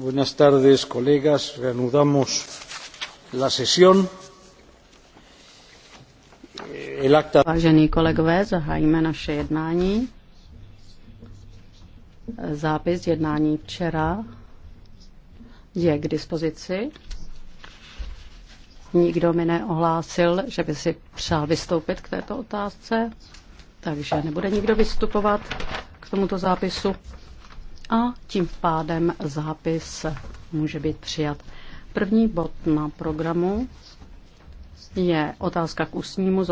Buenas tardes, colegas. Reanudamos la sesión. Eh, el acta... Vážení kolegové, zahájíme naše jednání. Zápis jednání včera je k dispozici. Nikdo mi neohlásil, že by si přál vystoupit k této otázce, takže nebude nikdo vystupovat k tomuto zápisu a tím pádem zápis může být přijat. První bod na programu je otázka k ústnímu